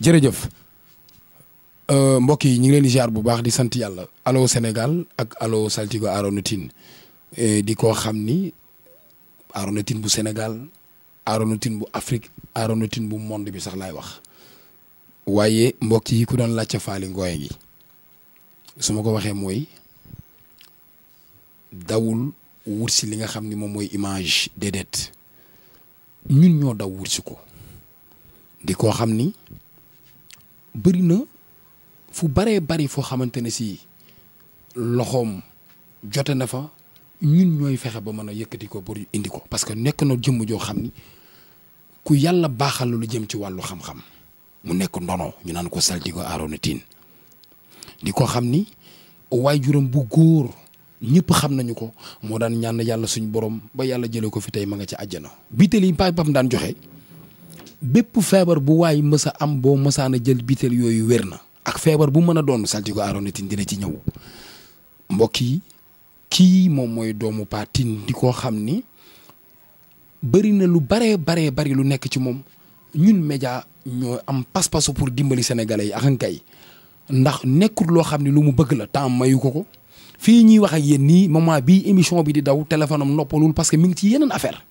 jërëjëf euh, mbokk yi ñu ngi leen di bu baax di sant yàlla aloo Sénégal ak allo Saltigo Arona e, di koo xam ni Arona bu Sénégal Arona bu Afrique Arona bu monde bi sax laay wax waaye mbokk yi ku doon laajte faali ngooye gi su ma ko waxee mooy dawul wut si li nga xam ni moom mooy image déedéet ñun ñoo daw wut ko di koo xam ni bëri na fu baree bari foo xamante ne si loxoom jote na fa ñun ñooy fexe ba mën a yëkkati ko pour indi ko. parce que nekk na jëmm joo xam ni ku yàlla baaxal lu jëm ci wàllu xam-xam. mu nekk ndono ñu naan ko saltigo Arona tiin di ko xam ni waaye juróom bu góor ñëpp xam nañu ko moo daan ñaan yàlla suñ borom ba yàlla jëlee ko fi tey ma nga ci àjjana. biiteel yi papaam daan joxe. bépp feebar bu waay mësa am boo mësaan a jël biteel yooyu wér na ak feebar bu mën a doon saltigo Arona Tine dina ci ñëw mbokk yi kii moom mooy doomu Paa Tine di koo xam ni bëri na lu baree bare bari lu nekk ci moom ñun média ñoo am pas-pasu pour dimbali sénégalais yi akankay ndax nekkul loo xam ne lu mu bëgg la temps mayu ko ko fii ñuy wax ak yéen nii moment bii émission bi di daw téléphone am noppalul parce que mi ngi ci yeneen affaire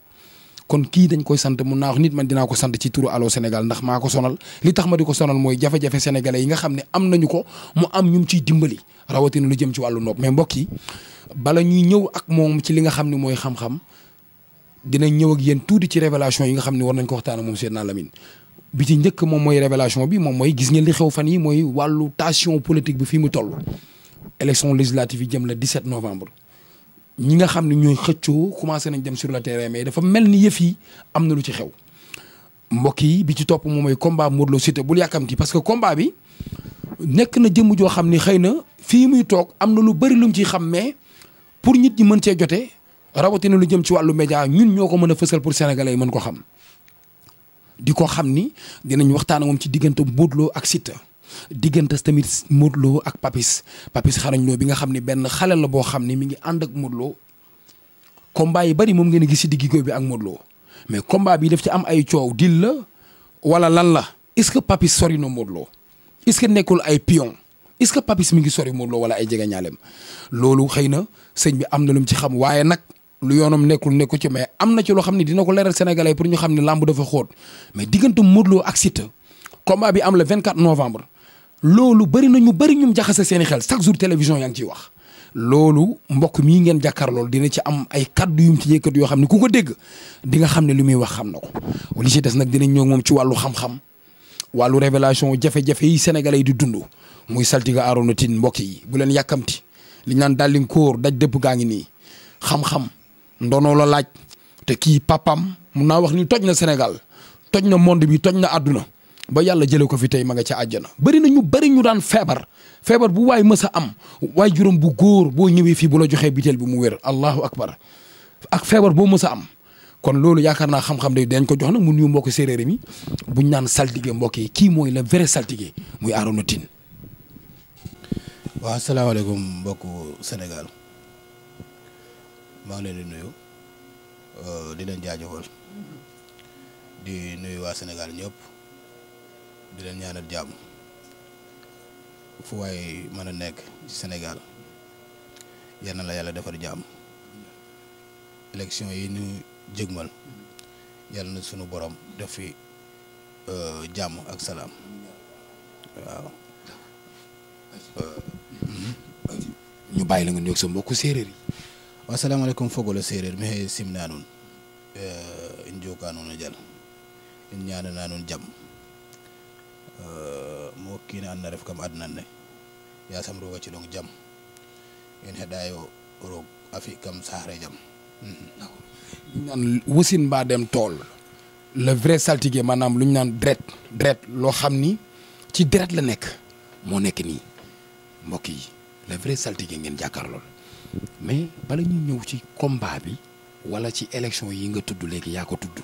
kon kii dañ koy sant mun naax nit man dinaa ko sant ci turu Allô Sénégal ndax maa ko sonal li tax ma di ko sonal mooy jafe-jafe sénégalais yi nga xam ne am nañu ko mu am ñu ciy dimbali rawatina lu jëm ci wàllu nopp mais mbokk yi bala ñuy ñëw ak moom ci li nga xam ne mooy xam-xam dinañ ñëw ak yéen tuuti ci révélation yi nga xam ne war nañ ko waxtaan moom Seydina Lamine bi ci njëkk moom mooy révélation bi moom mooy gis ngeen li xew fan yi mooy wàllu tension bi fii mu toll élection législative yi jëm la 17 novembre ñi nga xam ne ñooy xëccoo commencé nañ dem sur le terrain mais dafa mel ni yëf yi am na lu ci xew mbokk yi bi ci topp moom mooy combat Modou Lo Siteu bul yàkkamti parce que combat bi nekk na jëmm joo xam ni xëy na fii muy toog am na lu bëri lu mu ciy xam mais pour ñit ñi mën cee jote rawatina lu jëm ci wàllu média ñun ñoo ko mën a fësal pour sénégalais yi mën ko xam di ko xam ni dinañ waxtaan moom ci diggante Modou Lo ak Siteu diggante tamit Modou ak Papis Papis xarañ Lo bi nga xam ne benn xale la boo xam ne mi ngi ànd ak Modou Lo yi bari moom ngeen gis si digg bi ak Modou mais combat bi daf ci am ay coow dil la wala lan la est-ce que Papis sori na Modou Lo ce que nekkul ay pion est-ce que Papis mi ngi sori Modou wala ay jege ñaaleem loolu xëy na sëñ bi am na lu ci xam waaye nag lu yoonam nekkul nekku ci mais am na ci loo xam ne dina ko leeral Sénégalais pour ñu xam ne làmb dafa xóot mais diggante Modou Lo ak Siteu combat bi am le 24 novembre. loolu bëri na ñu bëri ñum jaxase seen i xel chaque jour télévision yaa ngi wax loolu mbokk mii ngeen jàkkaar loolu dina ci am ay kaddu yum ci yëkkat yoo xam ne ku ko dégg di nga xam ne li muy wax xam na ko li ci des nag dinañ ñëw moom ci wàllu xam-xam wàllu révélation jafe-jafe yi sénégalais yi di dund muy saltiga Arona Tine mbokk yi bu leen yàkkamti li ñu naan dàllin kóor daj dëpp kaa ngi nii xam-xam ndono la laaj te kii papam mun naa wax ni toj na Sénégal toj na monde bi toj na àdduna ba yàlla jëlee ko fi tey ma nga ca àjjana bëri na ñu bari ñu daan feebar feebar bu waay mës a am waaye juróom bu góor boo ñëwee fii bu la joxee biteel bi mu wér allahu akbar ak feebar boo mës a am kon loolu yaakaar naa xam-xam day dañ ko jox na mu nuyu mbokk séeréer mi buñ naan saltige mbokk yi kii mooy le vrai saltige muy Arona waa waaw asalaamaaleykum mbokku Sénégal maa ngi leen di nuyu euh, di leen jaajëfal di nuyu waa Sénégal ñëpp. di leen ñaanal jàmm fu waaye mën a nekk ci Sénégal yal la yàlla defar jàmm élection yi nu jëgmal yal sunu borom def fi euh, jàmm ak salaam waaw. ñu bàyyi la nga nuyoog sa mbokku séeréer yi. waaw salaamaaleykum fogole séeréer mi xëy simnaa nuun euh, in jookaa nuun a jal in ñaana naa jàmm kiine anna ref kam adnan ne yasam roga cilong jam in heɗayo roog a fi kam saxre jam hmm. tool le vrai saltige maanaam lu ñu naan dret dret loo xam ni ci dret la nekk moo nekk nii mbokk yi le vrai saltige ngeen jàkkaar lool mais bala ñuy ñëw ci combat bi wala ci élection yi nga tudd léegi yaa ko tudd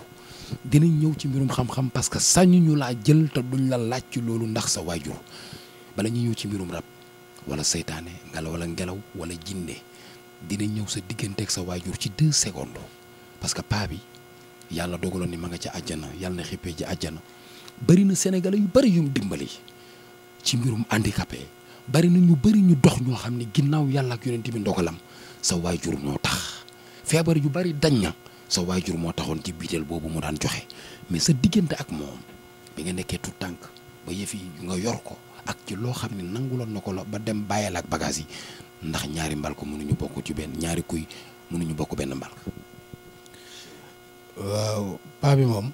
dinañ ñëw ci mbirum xam-xam parce que sañu laa jël te duñ la laaj ci loolu ndax sa waajur bala ñu ñëw ci mbirum rab wala seytaane ngelaw wala ngelaw wala jinne dinañ ñëw sa digganteeg sa waajur ci deux secondes parce que paa bi yàlla dogaloon ni ma nga ca àjjana yàlla na xippee ci àjjana bari na sénégalais yu bari yum dimbali ci mbirum handicapé bari na ñu bari ñu dox ñoo xam ne ginnaaw yàlla ak yonent bi ndogalam sa waajur moo tax feebar yu bari dañ na sa waajur moo taxoon ci biiteel boobu mu daan joxe mais sa diggante ak moom bi nga nekkee tout tànk ba yëf yi nga yor ko ak ci loo xam ne nanguloon na ko la ba dem bàyyeel ak bagage yi ndax ñaari mbal ko mënuñu bokk ci benn ñaari kuy mënuñu bokk benn mbal. waaw paa moom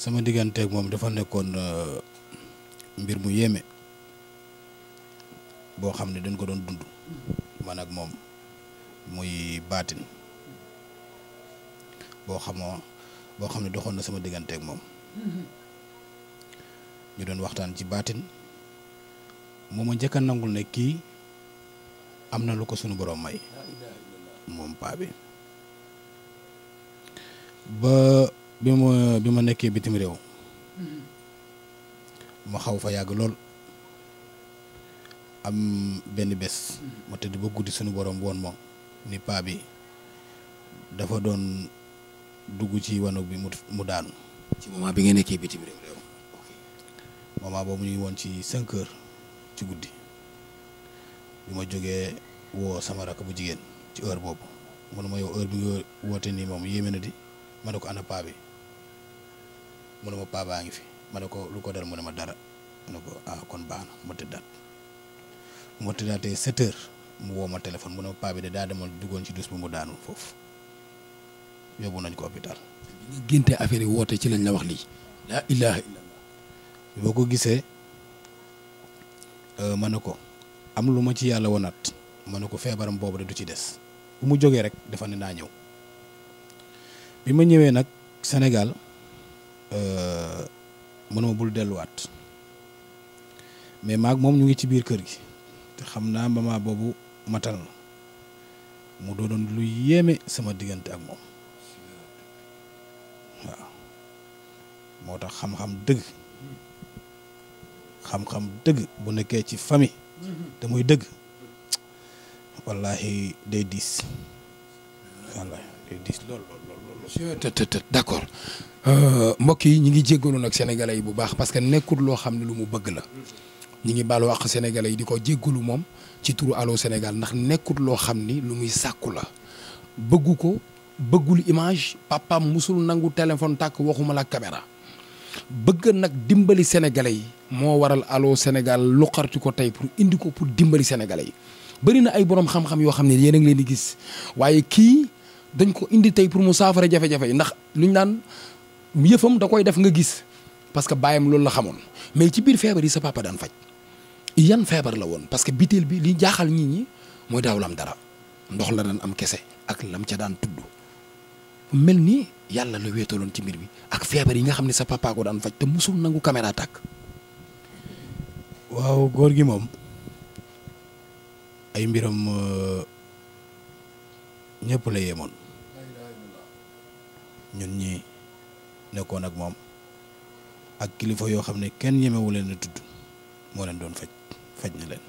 sama digganteeg moom dafa nekkoon euh, mbir mu yéeme boo xam ne dañ ko doon dund man ak moom muy baatin. boo xamoo boo xam ne doxoon na sama digganteeg moom mm-hmm. ñu doon waxtaan ci baatin moom a njëkk a nangul ne kii am na lu ko sunu boroom may moom paa bi ba bi ma bi ma nekkee bitim réew mm-hmm. ma xaw fa yàgg lool am benn bés mm-hmm. ma tëdd ba guddi sunu borom woon ma ni paa bi dafa doon dugg ci wanag bi mu daanu. ci moment bi nga nekkee bitim réew. moment boobu ñu ngi woon ci 5 ci guddi bi ma jógee woo sama rakk bu jigéen ci heure boobu mun ma yow heure bi nga woote nii moom yéeme na di ma ne ko ana paa bi mu ma paa baa ngi fi ma ne ko lu ko dal mu ma dara ma ne ko ah kon baax na ma tëddaat ma tëddaatee 7 heures mu woo ma téléphone mu ne ma paa bi de daa demal duggoon ci dus bu mu daanu foofu. yóbbu nañ ko hôpital. ñu génte affaire yi woote ci lañ la wax lii. laa ilaaha illallah. boo ko gisee euh, ma ne ko am lu ma ci yàlla wonaat ma ne ko feebaram boobu de du ci des bu mu jógee rek dafa ne naa ñëw bi ma ñëwee nag Sénégal mënuma euh, bul delluwaat mais maag moom ñu ngi ci biir kër gi te xam naa mama boobu matal na mu doonoon lu yéeme sama diggante ak moom. moo tax xam-xam dëgg xam-xam dëgg bu nekkee ci famille te muy dëgg wallahi day diis wallahi day diis lool euh, yi ñi ngi jéggalu nag sénégalais yi bu baax parce que nekkul loo xam ne lu mu bëgg la ñi ngi baalu àq sénégalais yi di ko jéggalu moom ci turu Allô Sénégal ndax nekkul loo xam ni lu muy sàkku la bëggu ko bëggul image papaam musul nangu téléphone tàkk waxuma la caméra bëgg nag dimbali sénégalais yi moo waral Allô Sénégal luqarti ko tey pour indi ko pour dimbali sénégalais yi bëri na ay borom xam-xam yoo xam ne yéen ngi leen di gis waaye kii dañ ko indi tey pour mu saafara jafe-jafe yi ndax lu ñu naan yëfam da koy def nga gis parce que bàyyam loolu la xamoon mais ci biir feebar yi sa papa daan faj yan feebar la woon parce que biteel bi li jaaxal nit ñi mooy daaw la dara ndox la daan am kese ak lam ca daan tudd mel ni yàlla la wéetaloon ci mbir mi ak feebar yi nga xam ne sa papa daan faj te musul nangu caméra tàkk. waaw góor gi moom ay mbiram euh, ñëpp la yemoon ñun ñi nekkoon ak moom ak kilifa yoo xam ne kenn ñemewu leen tudd moo leen doon faj faj na leen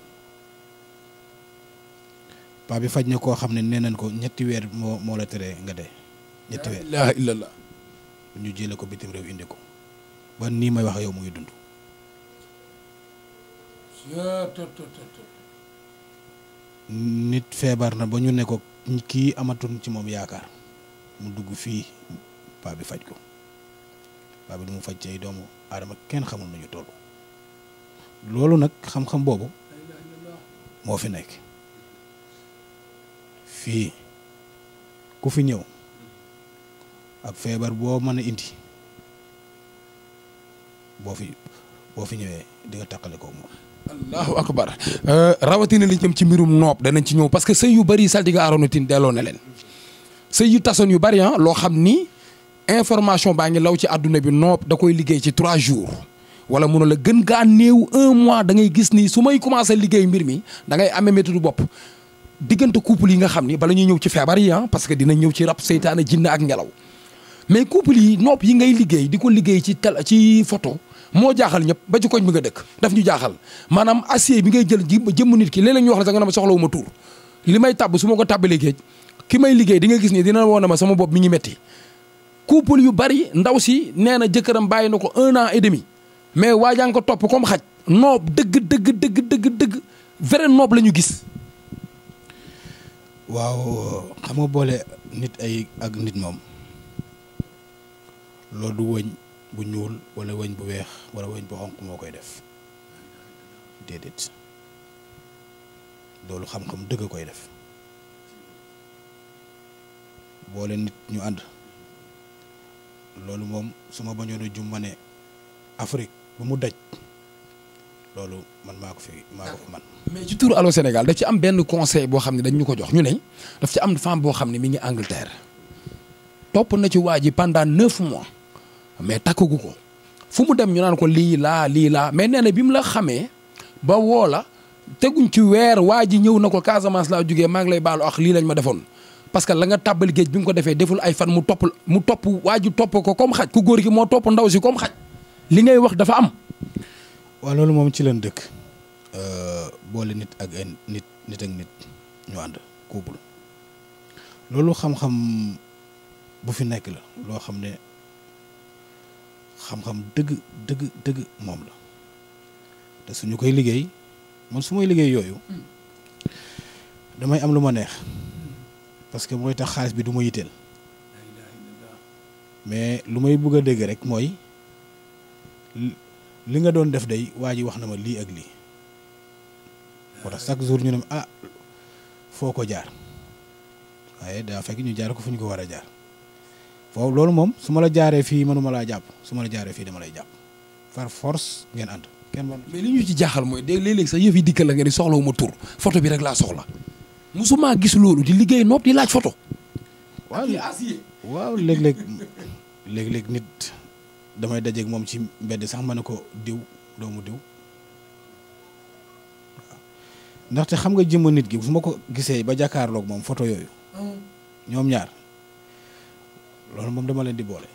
paa bi faj na koo xam ne nee nañ ko ñetti weer moo moo la tere nga dee. ñetti weer laa ñu jële ko bitim réew indi ko ba nii may wax yow mu ngi dund nit feebar na ba ñu ne ko kii amatun ci moom yaakaar mu dugg fii paa bi faj ko paa bi lu mu faj ci ay doomu aadama kenn xamul nañu toll loolu nag xam-xam boobu moo fi nekk fii ku fi ñëw ak feebar boo mën a indi boo fi boo fi ñëwee di nga tàqale ko moom. allahu akbar euh, rawatina li jëm ci mbirum noob danañ ci ñëw parce que sëy yu bari saltiga Arona Tine delloo na leen sëy yu tasoon yu bëri ah, loo xam ni information baa ngi law ci àdduna bi noob da koy liggéey ci trois jours wala mun la gën gaa néew un mois da ngay gis ni su may commencé liggéey mbir mi da ngay amee méthode bopp diggante couple yi nga xam ni bala ñuy ñëw ci feebar yi ah parce que dinañ ñëw ci rab seytaane jinne ak ngelaw. mais couple yi nopp yi ngay liggéey di ko liggéey ci tel ci foto moo jaaxal ñëpp ba ci koñ bi nga dëkk daf ñu jaaxal maanaam acier bi ngay jël jëmm nit ki léeg-léeg ñu wax la sax nga ne ma ma tuur may tàbb su ma ko tàbbalee géej ki may liggéey di nga gis ni dina woon na ma sama bopp mi ngi metti couple yu bari ndaw si nee na jëkkëram bàyyi na ko un an et demi mais waajaa ko topp comme xaj noob dëgg dëgg dëgg dëgg dëgg vrai noob la ñu gis waaw xam nga boole nit ay ak nit moom loolu du wëñ bu ñuul wala wëñ bu weex wala wëñ bu xonq moo koy def déedéet loolu xam-xam dëgg koy def boole nit ñu ànd loolu moom su ma bañoon a ma ne Afrique bu mu daj loolu man maa ko fi maa ko fi man mais ci turu Allô Sénégal daf ci am benn conseil boo xam ne dañ ñu ko jox ñu ne daf ci am femme boo xam ne mi ngi Angleterre topp na ci waa ji pendant neuf mois. mais takkagu ko fu mu dem ñu naan ko lii laa lii laa mais nee na bi mu la xamee ba woola teguñ ci weer waa ji ñëw na ko Casamance laa jógee maa ngi lay baalo ak lii lañ ma defoon. parce que la nga tàbbal géej bi nga ko defee deful ay fan mu topp mu topp waaju ji topp ko comme xaj ku góor gi moo topp ndaw si comme xaj li ngay wax dafa am. waaw loolu moom ci leen dëkk euh, boole nit ak nit nit nit ñu ànd couple loolu xam-xam bu fi nekk la loo xam ne. xam-xam dëgg dëgg dëgg moom la te suñu koy liggéey man su may liggéey yooyu damay am lu ma neex parce que mooy tax xaalis bi duma yitteel mais lu may bëgg a dégg rek mooy li nga doon def day waa ji wax na ma lii ak lii moo chaque jour ñu ne ah foo ko jaar waaye daa fekk ñu jaar ko fu ñu ko war a jaar waaw loolu moom su ma la jaaree fii mënuma laa jàpp su ma la jaaree fii dama lay jàpp par force ngeen ànd kenn mais li ñu ci jaaxal mooy dé léeg-léeg sax yëf yi dikkal la nga ni soxlawuma tur photo bi rek laa soxla musuma gis loolu di liggéey nopp di laaj photo waaw léeg-léeg léeg-léeg nit damay dajeeg moom ci mbedd sax ma ne ko diw doomu diw ndaxte xam nga jëmm nit gi su ma ko gisee ba jàkkaarloog moom photo yooyu ah. ñoom ñaar loolu moom dama leen di boole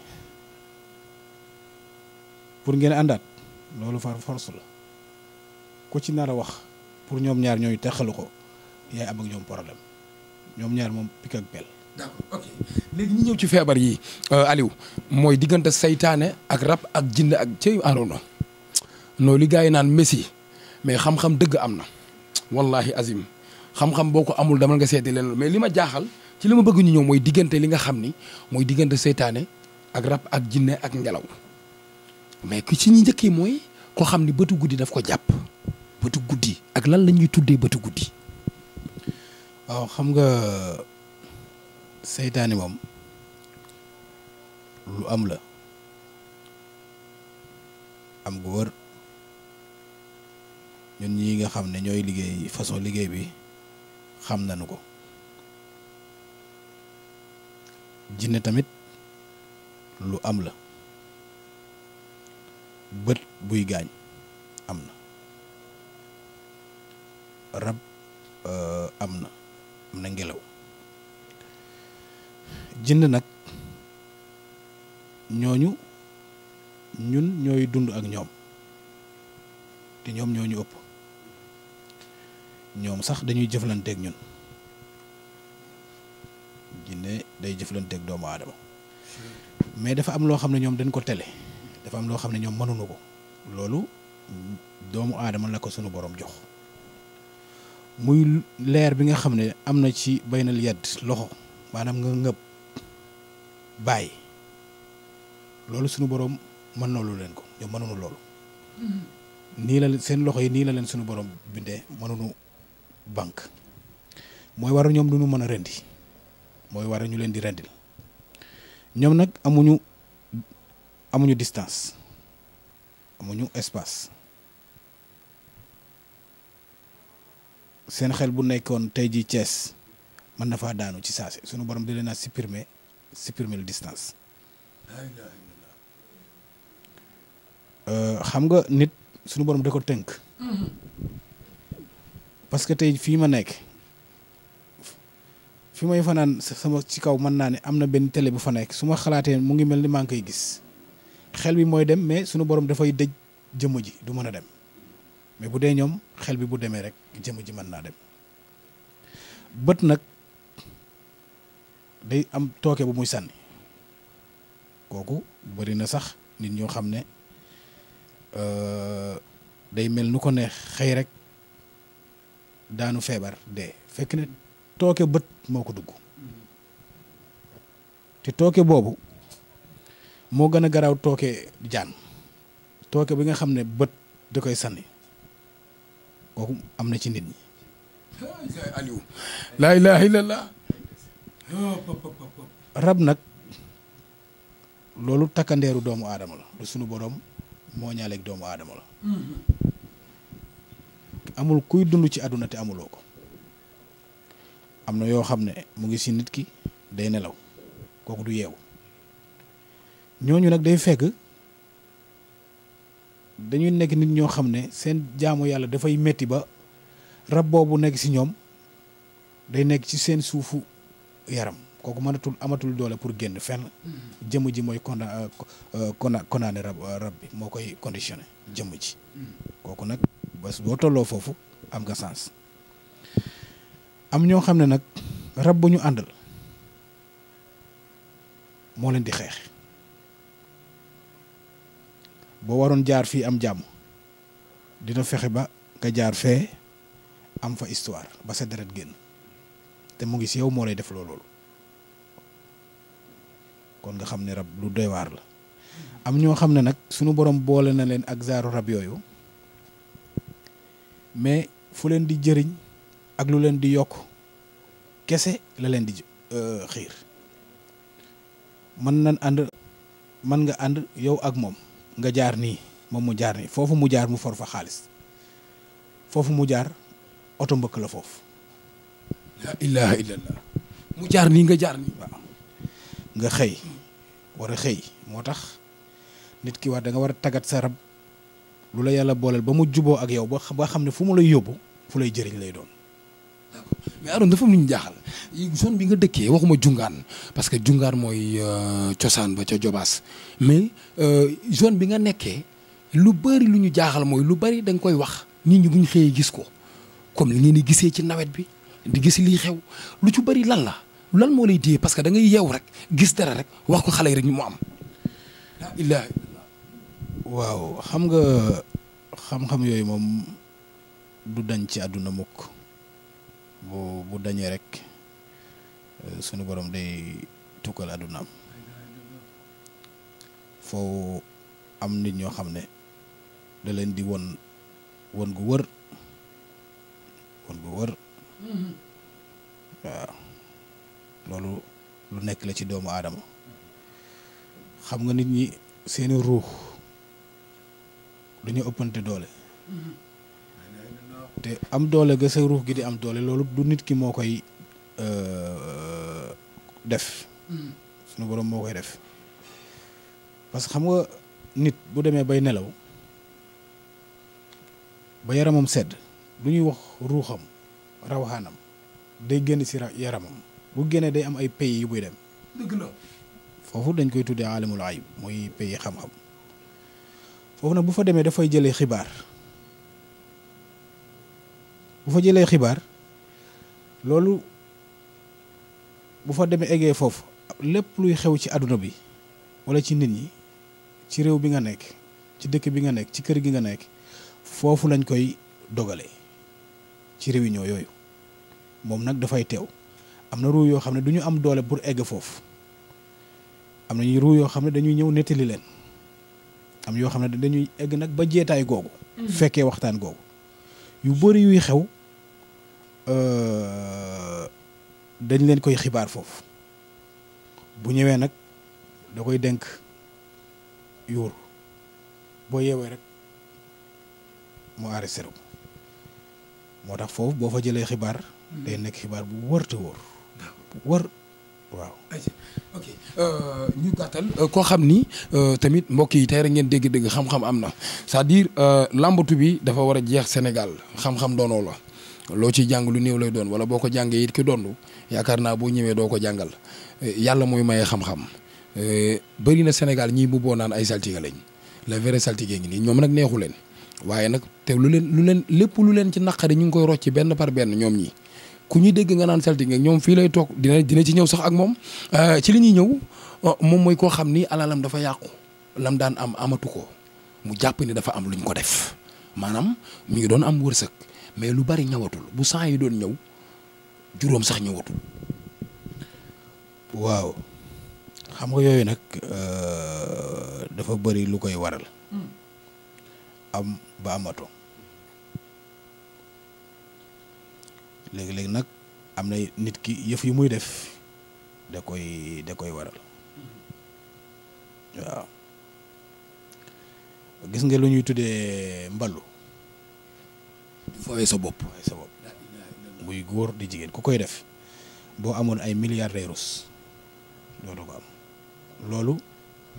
pour ngeen àndaat loolu far force la ku ci nar a wax pour ñoom ñaar ñooñu texalu ko yaay am ak ñoom problème ñoom ñaar moom pik ak peel. léegi ñu ñëw ci feebar yi euh, Aliou mooy diggante seytaane ak rab ak jinne ak cey Arona noonu li gars yi naan messi mais xam-xam dëgg am na wallahi azim xam-xam boo ko amul dama nga seeti leen mais li ma jaaxal. ci li ma bëgg ñu ñëw mooy diggante li nga xam ni mooy diggante seytaane ak rab ak jinne ak ngelaw mais ki ci ñi njëkk yi mooy koo xam ni bëtu guddi daf ko jàpp bëtu guddi ak lan la ñuy tuddee bëtu guddi. waaw xam nga seytaane moom lu am la am gu wër ñun ñi nga xam ne ñooy liggéey façon liggéey bi xam nañu ko. jinne tamit lu am la bët buy gaañ am na rab euh, am na am na ngelaw jinne nag ñooñu ñun ñooy dund ak ñoom te ñoom ñooñu ëpp ñoom sax dañuy jëflanteeg ñun jinne day jëflanteeg doomu aadama mais dafa am loo xam ne ñoom dañ ko tele dafa am loo xam ne ñoom mënuñu ko loolu doomu aadama la ko sunu borom jox muy leer bi nga xam ne am na ci baynal yedd loxo maanaam nga ngëb bàyyi loolu sunu borom mën na leen ko ñoom mënuñu loolu mm-hmm. nii la seen loxo yi nii la leen sunu borom bindee mënuñu banque mooy waru ñoom du ñu mën a rendi mooy waral ñu leen di rendil ñoom nag amuñu amuñu distance amuñu espace seen xel bu nekkoon tey jii cees mën na faa daanu ci saasi sunu borom di leen a supprimer supprimer la distance euh, xam nga nit sunu borom da ko tënk mm-hmm. parce que tey fii ma nekk. fi may fanaan sama ci kaw mën naa ne am na benn télé bu fa nekk su ma xalaatee mu ngi mel ni maa ngi koy gis xel bi mooy dem mais sunu borom dafay dëj jëmm ji du mën a dem mais bu dee ñoom xel bi bu demee rek jëmm ji mën naa dem bët nag day am tooke bu muy sànni kooku bëri na sax nit ñoo xam ne euh, day mel nu ko neex xëy rek daanu feebar dee fekk na tooke bët moo ko dugg te tooke boobu moo gën a garaaw tooke jaan tooke bi nga xam ne bët da koy sànni kooku am na ci nit ñi Aliou laa ilaha illallah rab nag loolu takkandeeru doomu aadama la sunu boroom moo ñaaleeg doomu aadama la mm-hmm. amul kuy dund ci àdduna te amuloo ko am na yoo xam ne mu ngi si nit ki day nelaw kooku du yeewu ñooñu nag day fekk dañuy nekk nit ñoo xam ne seen jaamu yàlla dafay metti ba rab boobu nekk ci ñoom day nekk ci seen suufu yaram kooku mënatul amatul doole pour génn fenn mm-hmm. jëm ji mooy kona euh, euh, kona konaane rab euh, rab bi moo koy conditionné jëmm ji mm-hmm. kooku nag bés boo tolloo foofu am nga sens am ñoo xam ne nag rab bu ñu àndal moo leen di xeex boo waroon jaar fii am jàmm dina fexe ba nga jaar fee am fa histoire ba sa deret génn te mu ngi si yow moo lay def loolu kon nga xam ne rab lu doy la am ñoo xam ne nag sunu borom boole na leen ak zaaru rab yooyu mais fu leen di jëriñ ak lu leen di yokk kese la leen di euh, xiir mën nañ ànd man nga ànd yow ak moom nga jaar nii moom mu jaar nii foofu mu jaar mu for fa xaalis foofu mu jaar oto mbëkk la foofu laa mu jaar nii nga jaar nii nga xëy war a xëy moo tax nit ki war da nga war a taggat sa rab lu la yàlla booleel ba mu juboo ak yow ba ba xam ne fu mu lay yóbbu fu lay jëriñ lay doon mais Aroune dafa am lu ñu jaaxal zone bi nga dëkkee waxuma jungaan parce que jungaan mooy euh, cosaan ba ca Jobaas mais euh, zone bi nga nekkee lu bëri lu ñu jaaxal mooy lu bari da nga koy wax nit ñi bu ñu xëyee gis ko comme li ngeen di gisee ci nawet bi di gis lii xew lu ci bëri lan la lan moo lay dee parce que da ngay yeew rek gis dara rek wax ko xale yi rek ñu mu am. ilaahi waaw xam nga xam-xam yooyu moom du dañ ci àdduna mukk bu bu dañee rek euh, sunu borom day tukkal àddunaam foofu am nit ñoo xam ne da leen di won won gu wër won gu wër waaw loolu lu nekk la ci doomu aadama xam nga nit ñi seeni ruux dañu ëppante doole te am doole ga sa ruux gi di am doole loolu du nit ki moo koy euh, def hmm. suñu boroom moo koy def parce que xam nga nit bu demee bay nelaw ba yaramam sedd lu ñuy wax ruuxam rawaxaanam day génn ci yaramam bu génnee day am ay pays yu buy dem dëgg foofu dañ koy tuddee alamul ayib mooy pays xam-xam foofu nag bu fa demee dafay jëlee xibaar bu fa jëlee xibaar loolu bu fa demee eggee foofu lépp luy xew ci àdduna bi wala ci nit ñi ci réew bi nga nekk ci dëkk bi nga nekk ci kër gi nga nekk foofu lañ koy dogale ci réunion yooyu moom nag dafay teew am na ruu yoo xam ne du ñu am doole pour egg foofu am na ñuy ruu yoo xam ne dañuy ñëw nettali leen am yoo xam ne dañuy egg nag ba jeetaay googu mm-hmm. fekkee waxtaan googu yu bari yuy xew euh, dañ leen koy xibaar foofu bu ñëwee nag da koy dénk yuur boo yeewee rek mu arrêté ko moo tax foofu boo fa jëlee xibaar hmm. day nekk xibaar bu wër te wóor bu wër waaw. ok euh, ñu gàttal euh, koo xam ni euh, tamit mbokk yi tey rek ngeen dégg-dégg xam-xam am na c'est-à-dire làmbatu bi dafa war a jeex Sénégal xam-xam doonoo la loo ci jàng lu néew lay doon wala boo ko jàngee it ki doon yaakaar naa boo ñëwee doo ko jàngal yàlla mooy maye xam-xam bëri na Sénégal ñii bu boo naan ay saltige lañ la vrai saltige ngi nii ñoom nag neexu leen waaye nag te lu leen lu leen lépp lu leen ci naqari ñu ngi koy rocc benn par benn ñoom ñi ku ñuy dégg nga naan Celtic nga ñoom fii lay toog dina ci ñëw sax ak moom euh, ci li ñuy ñëw euh, moom mooy koo xam ni alalam dafa yàqu lam daan am amatu ko mu jàpp ni dafa am luñ ko def maanaam mi ngi doon am wërsëg mais lu bari ñëwatul bu saa yi doon ñëw juróom sax ñëwatu waaw xam nga yooyu nag euh, dafa bari lu koy waral. Hmm. am ba amato léegi-léegi nag am na nit ki yëf yi muy def da koy da koy waral waaw gis nga lu ñuy tuddee mballu fooye sa bopp fooye sa bopp muy góor di jigéen ku koy def boo amoon ay milliardaires dootu ko am loolu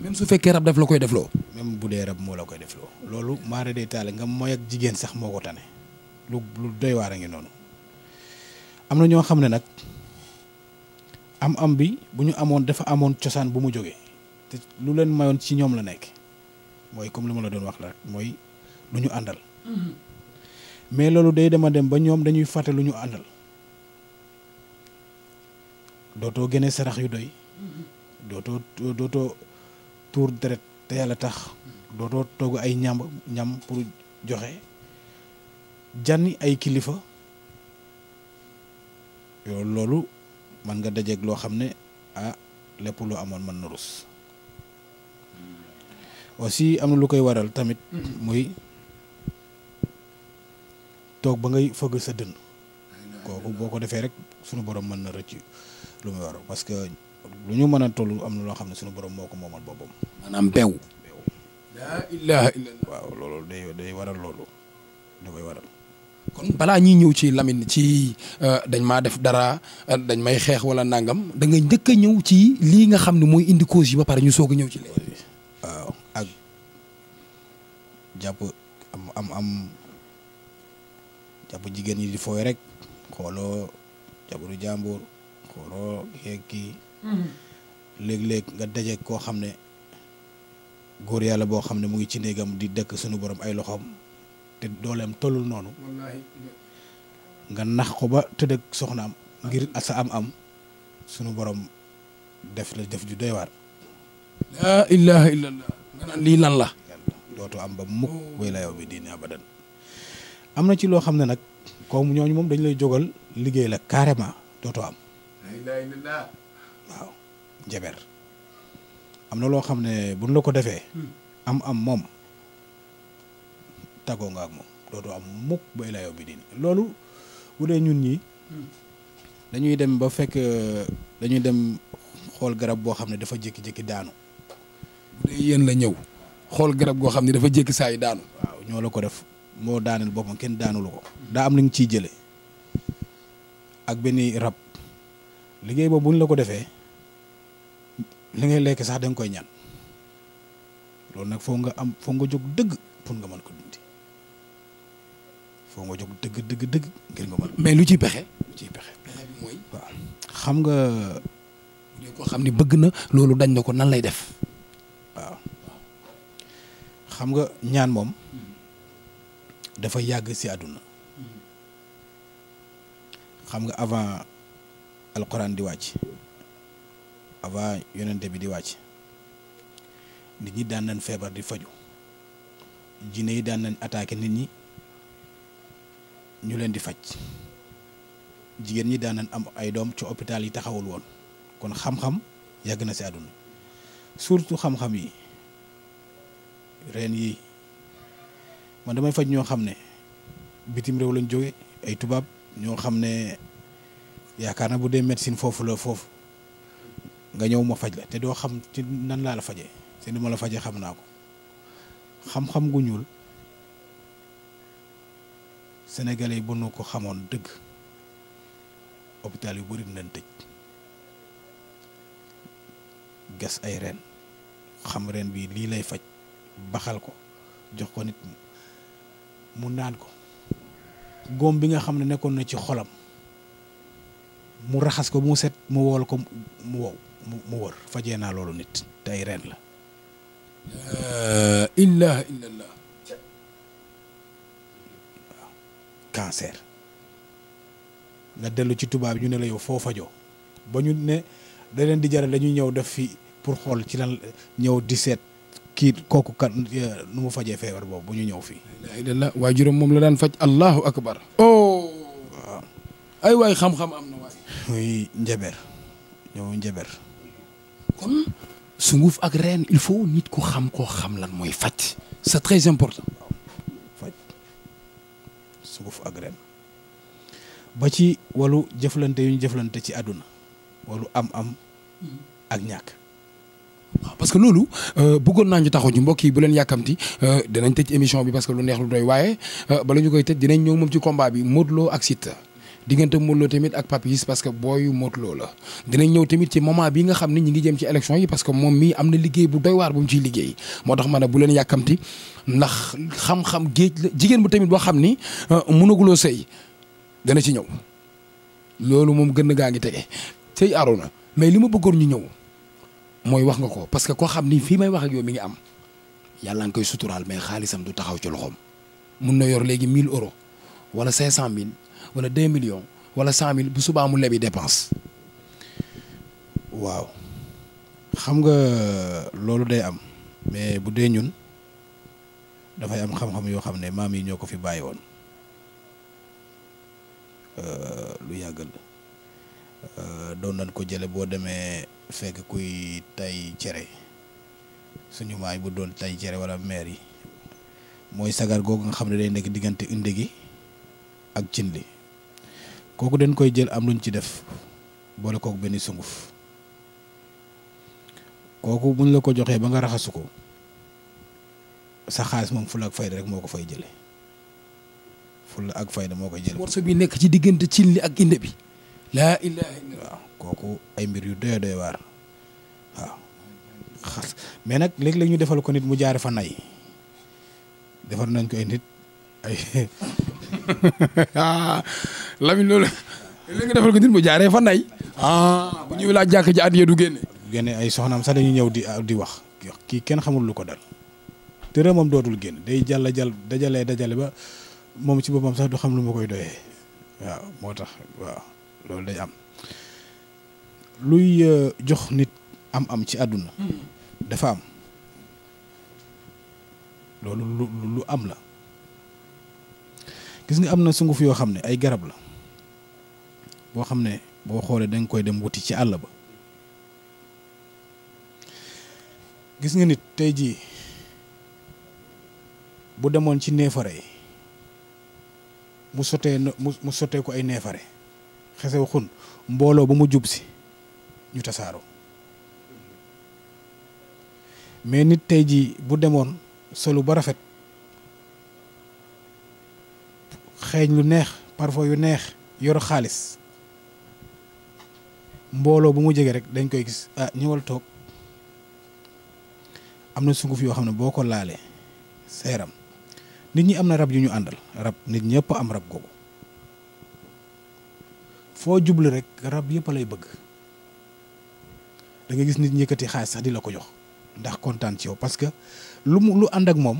même su fekkee rab daf la koy defloo même bu dee rab moo la koy defloo loolu maara day taale nga moy ak jigéen sax moo ko tane lu lu doy waar a ngi noonu am na ñoo xam ne nag am-am bi bu ñu amoon dafa amoon cosaan bu mu jógee te lu leen mayoon ci ñoom la nekk mooy comme li ma la doon wax la rek mooy lu ñu àndal. Mm-hmm. mais loolu day dama dem ba ñoom dañuy fàtte lu ñu àndal dootoo génne sarax yu doy. Mm-hmm. dootoo dootoo tuur deret te yàlla tax. Mm-hmm. dootoo togg ay ñam ñam pour joxe jànni ay kilifa. yow loolu man nga dajeeg loo xam ne ah lépp loo amoon man na rus aussi am na lu koy waral tamit muy toog ba ngay fëgg sa dënn kooku boo ko defee rek sunu borom mën na rëcc lu muy war parce que lu ñu mën a toll am na loo xam ne sunu borom moo ko moomal boppam. maanaam bew. laa day day waral loolu da koy waral. kon balaa ñuy ñëw ci Lamine ci euh, dañ maa def dara euh, dañ may xeex wala nangam da njëkk ñëw ci lii nga xam ne mooy indi cause yi ba pare ñu soog ñëw ci léegi. ak jàpp am am jàpp jigéen ñi di fooy rek xooloo jabaru jàmbur xooloo yeeg kii. Mm-hmm. léeg-léeg nga daje koo xam ne góor yàlla boo xam ne mu ngi ci néegam di dëkk sunu borom ay loxoom. te dooleem tollul noonu nga nax ko ba tëdd ak soxnaam ngir sa am-am sunu boroom def la def ju doy waar. laa ilaha illallah lii lan la. dootu am ba mukk bay la bi diine abadan am na ci loo xam ne nag comme ñooñu moom dañ lay jógal liggéey la carrément dooto am. waaw njaber am na loo xam ne buñ la ko defee. Hmm. am am moom tàggoo nga ak moom dootu am mukk ba ilaa yow bi diin loolu bu dee ñun ñi dañuy dem ba fekk dañuy dem xool garab boo xam ne dafa jékki-jékki daanu yéen la ñëw xool garab goo xam ne dafa jékki saa yi daanu waaw ñoo la ko def moo daaneel boppam kenn daanulu ko daa am li nga ciy jële ak benn rab liggéey boobu buñ la ko defee li ngay lekk sax da koy ñaan loolu nag foo nga am foo nga jóg dëgg pour nga mën ko dundi foo nga jóg dëgg dëgg dëgg mais lu ciy pexe. ciy pexe mooy. waaw xam nga. ñu ko xam ni bëgg na loolu dañ na ko nan lay def. waaw xam nga ñaan moom. dafa yàgg si àdduna. xam nga avant alxuraan di wàcc avant yonente bi di wàcc nit ñi daan nañ feebar di faju jinne yi daan nañ attaqué nit ñi ñu leen di faj jigéen ñi daan nañ am ay doom ci hôpital yi taxawul woon kon xam-xam yàgg na si àdduna surtout xam-xam yi reen yi man damay faj ñoo xam ne bitim réew lañ jóge ay tubaab ñoo xam ne yaakaar na bu dee médecine foofu la foofu nga ñëw ma faj la te doo xam ci nan laa la fajee te ni ma la fajee xam naa ko xam-xam gu ñuul sénégalais yi bu nu ko xamoon dëgg hôpital yu bëri nañ tëj gas ay reen xam reen bii lii lay faj baxal ko jox ko nit mu naan ko góom bi nga xam ne nekkoon na ci xolam mu raxas ko mu set mu wool ko mu wow mu wër fajee naa loolu nit te ay reen la. laa ilaaha illallaah cancer nga dellu ci tubaab yu ne la yow foo fajoo ba ñu ne da di jaral dañuy ñëw def fi pour xool ci lan ñëw di seet kii kooku kan nu mu fajee feebar boobu bu ñu ñëw fii. alhamdulilah waaye moom la daan faj allahu akbar. oh. waaw ay waay xam-xam am na waay. muy njaber ñëw njaber. kon sunguf ak reen il faut nit ku xam koo xam lan mooy faj. c'est très important. suguf ak ren ba ci walu jëflante yu ñu jëflante ci àdduna walu am-am ak ñàkk. waaw que loolu euh, bëggoon naa ñu taxaw ñu mbokk yi bu leen yàkkamti euh, dinañ tëj émission bi parce que lu neex lu doy waaye euh, bala ñu koy tëj dinañ ñëw moom ci combat bi Modou Lo ak Siteu. diggante Modou Lo tamit ak Papis parce que booyu Modou la dinañ ñëw tamit ci moment bi nga xam ne ñu ngi jëm ci élection yi parce que moom mii am na liggéey bu doy waar bu mu ciy liggéey moo tax ma ne bu leen yàkkamti ndax xam-xam géej jigéen bu tamit boo xam ni euh, mënaguloo sëy dana ci ñëw loolu moom gën gaa ngi tege sëy Arona mais li ma bëggoon ñu ñëw mooy wax nga ko parce que koo xam ni fii may wax ak yow mi ngi am yàlla nga koy suturaal mais xaalisam du taxaw ci loxoom mun na yor léegi 1000 euros wala 500000. wala 2 millions wala mille bu subaa mu lebi dépense. waaw xam nga euh, loolu day am mais bu dee ñun dafay am xam-xam yoo xam ne maam yi ñoo ko fi bàyyi woon euh, lu yàggal euh, doon nañ ko jële boo demee fekk kuy tay cere suñu maay bu doon tay cere wala maire yi mooy sagar googu nga xam ne day nekk diggante inde gi ak cin li kooku dañ koy jël am luñ ci def boole kooku benn sunguf kooku buñ la ko joxee ba nga raxasu ko sa xaalis moom fulla ak fayda rek moo ko fay jële fulla ak fayda moo koy jële morso bi nekk ci diggante cin li ak inde bi laa kooku ay mbir yu doy doy waar waaw xas mais nag léeg-léeg ñu defal ko nit mu jaare fa nay defar nañ ko ay nit ay Ah, Lamine loolu léegi nga defal ko nit mu jaaree fan nay ah bu ñuy laaj jàkk ji àddiya du génne. génne ay soxnaam sax dañuy ñëw di di wax kii kenn xamul lu ko dal te moom dootul génn day jàll jàll dajale dajale ba moom ci boppam sax du xam lu ma koy doyee waaw moo tax waaw loolu day am luy euh, jox nit am-am ci àdduna. Hmm. dafa am loolu lu lu am la. gis nga am na sunguf yoo xam ne ay garab la boo xam ne boo xoolee danga koy dem wuti ci àll ba gis nga nit tey jii bu demoon ci neefare yi mu sotee mu sotee ko ay neefare xesew xun mbooloo ba mu jub si ñu tasaaroo mais nit tey jii bu demoon solu ba rafet xeeñ lu neex parfo yu neex yor xaalis mbooloo bu mu jege rek dañ koy gis ah ñëwal toog am na sunguf yoo xam ne boo ko laalee seeram nit ñi am na rab yu ñu àndal rab nit ñëpp am rab googu foo jublu rek rab yëpp lay bëgg da gis nit ñi yëkkati xaalis sax di la ko jox ndax kontaan ci yow parce que lu mu lu ànd ak moom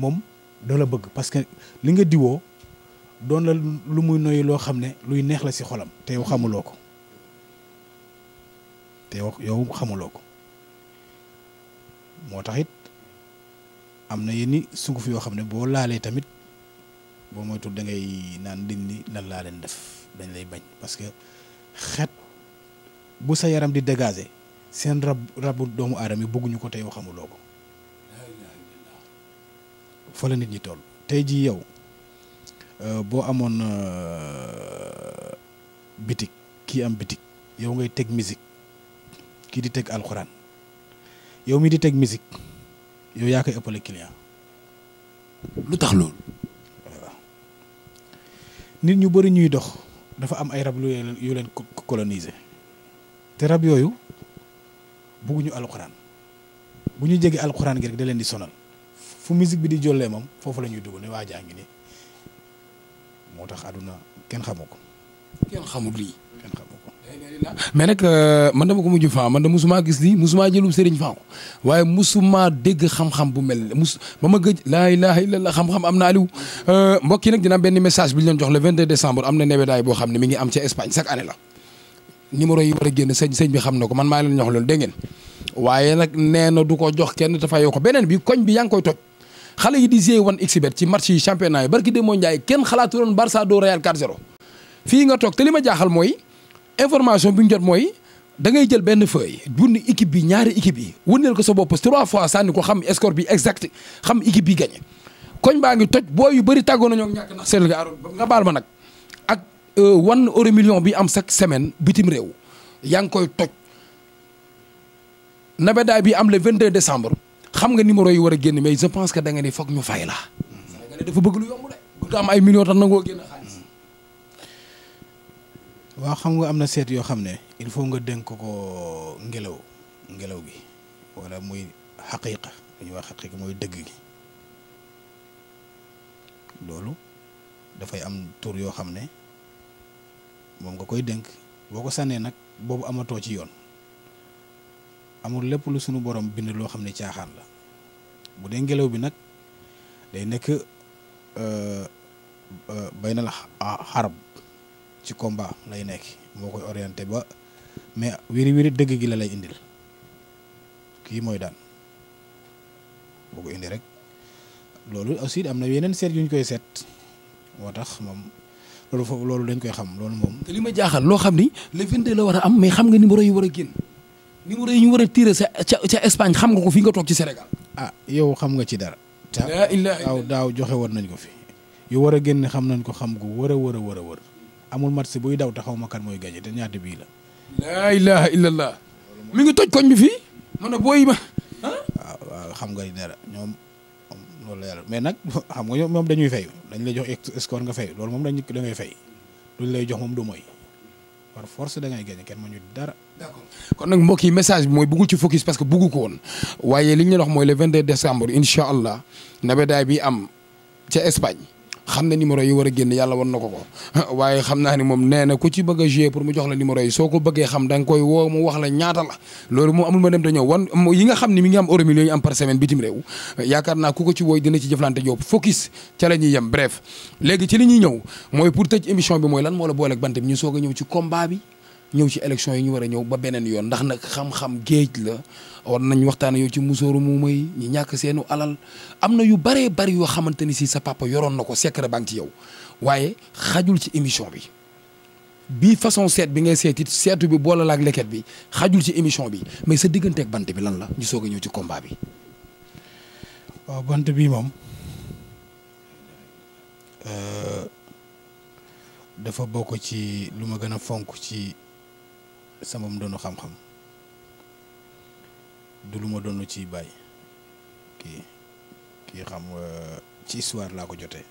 moom doo la bëgg parce que li nga diwoo doon la lu muy noyyi loo xam ne luy neex la si xolam te yow xamuloo ko te yow xamuloo ko moo tax it am na yenni sunguf yoo xam ne boo laalee tamit boo moytul da ngay naan din ni lan laa leen def dañ lay bañ parce que xet bu sa yaram di dégager seen rab rabu doomu aadama yi bëgguñu ko te yow xamuloo ko fole nit ñi tool tey jii yow euh, boo amoon euh, bitik kii am bitik yow ngay teg musique kii di teg alxuraan yow mi di teg musique yow yaa koy ëppale client lu tax loolu nit ñu bëri ñuy dox dafa am ay rab yu leen coloniser te rab yooyu bugguñu alxuraan bu ñu jegee alxuraan gi rek da leen di sonal fu musique bi di jollee moom foofu la ñuy dugg ne waa ngi nii moo tax àdduna kenn xamu ko. kenn xamul lii. kenn xamu ko. mais nag euh, man dama ko mujj faaw man da musuma gis lii musuma jëlum sëriñ faaw waaye musuma dégg xam-xam bu mel ne mus ba ma gëj laa xam-xam am na Aliou euh, mbokk yi nag dina am message bi ñu jox le 22 décembre am na nebedaay boo xam ne mi ngi am ca Espagne chaque année la numéro yi war a génn sëñ sëñ bi xam na ko man maa leen jox loolu dégg ngeen waaye nag nee na du ko jox kenn dafay yoo ko beneen bi koñ bi yaa ngi koy toj. xale yi di jouer wan xibet ci match yi championnat yi barki démb Ndiaye kenn xalaatu woon Barça doo Real fii nga toog te li ma jaaxal mooy information bi ñu jot mooy da ngay jël benn feuille buñ équipe bi ñaari équipe yi wëndeel ko sa bopp trois fois sànni ko xam score bi exact xam équipe bi gagné. koñ baa ngi toj boo yu bëri tàggoo nañoo ñàkk ndax seen nga baal ma nag ak wan euh, euro million bi am chaque semaine bitim réew yaa ngi koy toj nabedaay bi am le 22 décembre. xam nga numéro yi war a génn mais je pense que da nga ni foog ñu fay la. dafa bëgg lu yomb de. bëgg am ay millions na nangoo génn xaalis. waaw xam nga am na seet yoo xam ne il faut nga dénk ko ngelaw ngelaw gi walla muy xaqiiqa dañuy wax xaqiiqa mooy dëgg gi loolu dafay am tur yoo xam ne moom nga koy dénk boo ko sànnee nag boobu amatoo ci yoon. amul lépp lu sunu borom bind loo xam ne caaxaan la bu dee ngelaw bi nag day nekk euh, euh, bay na la xarab ci combat lay nekk moo koy orienté ba mais wiri wiri dëgg gi la lay indil kii mooy daan boo ko indi rek loolu aussi am na yeneen seet yu koy seet moo tax moom loolu foofu loolu dañ koy xam loolu moom. te li ma jaaxal loo xam ni le 22 la war a am mais xam nga numéro yi war a génn. numéro yi ñu war a tiré ca ca Espagne xam nga ko fi nga toog ci Sénégal. ah yow xam nga ci dara. daaw daaw joxe woon nañ ko fi. yu war a génne xam nañ ko xam ko wër a wër a wër a wër amul match buy daw taxaw ma kan mooy gagné te ñaata bii la. laa ilaha illallah. mi ngi toj koñ bi fi ma ne booy ma ah. waaw xam nga dara ñoom loolu la yàlla mais nag xam nga ñoom dañuy fay dañ lay jox score nga fay loolu moom dañ da ngay fay duñ lay jox moom du mooy. par force da ngay gagné kenn mënuñu dara. d'accord kon nag mbokk yi message mooy bëggul ci focus parce que bëggu ko woon waaye li ñu wax mooy le 22 décembre incha allah nawedaay bi am ca Espagne. xam na numéro yi war a génn yàlla wan na ko ko waaye xam naa ni moom nee na ku ci bëgg a jouer pour mu jox la numéro yi soo ko bëggee xam da nga koy woo mu wax la ñaata la loolu moom amul ma dem te ñëw wan yi nga xam ne mi ngi am euro million yi am par semaine bitim réew yaakaar naa ku ko ci wooy dina ci jëflante yow focus ca la ñuy yem bref léegi ci li ñuy ñëw mooy pour tëj émission bi mooy lan moo la booleeg bant bi ñu soog a ñëw ci combat bi ñëw ci élection yi ñu war a ñëw ba beneen yoon ndax nag xam-xam géej la war nañ waxtaan yow ci musóoru mu may ñu ñàkk seenu alal am na yu bëree bëri yoo xamante ni si sa papa yoroon na ko secret baa ngi ci yow waaye xajul ci émission bi bii façon seet bi ngay seet it seetu bi boole la ak leket bi xajul ci émission bi mais sa digganteeg bant bi lan la ñu soog ñëw ci combat bi. bant bi moom euh, dafa bokk ci lu ma gën a fonk ci. sama doonu xam-xam du lu ma doonu ci bàyyi kii kii xam euh, ci histoire laa ko jotee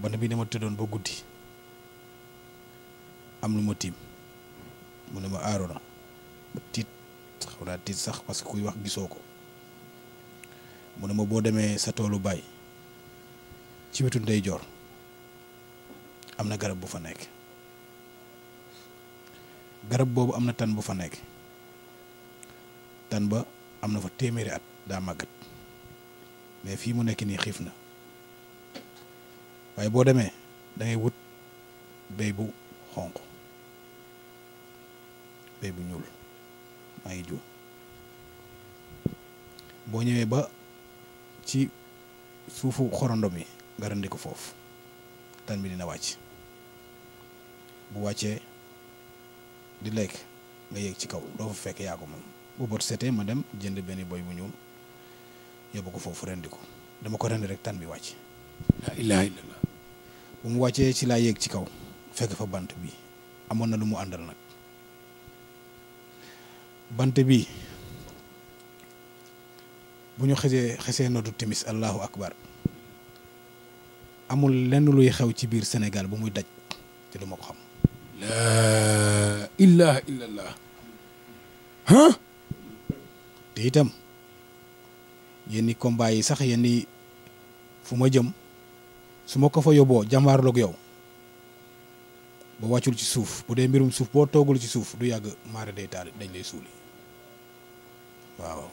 bant bi dama tëddoon ba guddi am lu ma tiim mu ne ma aarona ba tiit xaw naa tiit sax parce que kuy wax gisoo ko mu ne ma boo demee sa toolu baay ci wetu ndeyjoor am na garab bu fa nekk garab boobu am na tan bu fa nekk tan ba am na fa téeméeri at daa màggat mais fii mu nekk nii xiif na waaye boo demee dangay wut béy bu xonq béy bu ñuul maa ngi juum boo ñëwee ba ci suufu xorondom yi nga rëndi ko foofu tan bi dina wàcc bu wàccee di lekk nga yéeg ci kaw doo fa fekk yaa ko moom bu bët setee ma dem jënd benn boy bu ñuul yóbbu ko foofu rendi ko dama ko rendi rek tan bi wàcc bu mu wàccee ci laa yéeg ci kaw fekk fa bant bi amoon na lu mu àndal nag bant bi bu ñu xesee xesee nootu timis allahu akbar amul lenn luy xew ci biir Sénégal bu muy daj te du ko xam laa ilaha illallah ah te itam yenn combat yi sax yenn fu ma jëm su ma ko fa yóbboo jàmbaarloog yow ba wàccul ci suuf bu dee mbirum suuf boo toogul ci suuf du yàgg maara day taal dañ lay suuli waaw